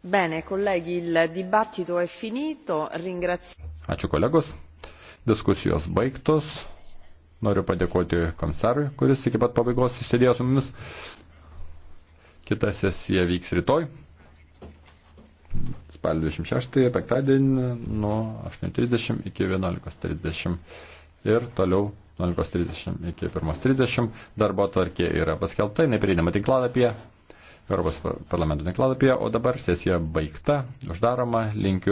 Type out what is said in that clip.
Bene, colleghi, il dibattito è finito. Ringrazio. Ačiū kolegos. Diskusijos baigtos. Noriu padėkoti komisarui, kuris iki pat pabaigos išsėdėjo su mumis. Kita sesija vyks rytoj, spalio 26, penktadienį, nuo 8.30 iki 11.30 ir toliau 11.30 iki 1.30. Darbo tvarkė yra paskelbta, jinai prieinama tinklalapyje. Europos parlamento tinklalapyje, o dabar sesija baigta, uždaroma, linkiu.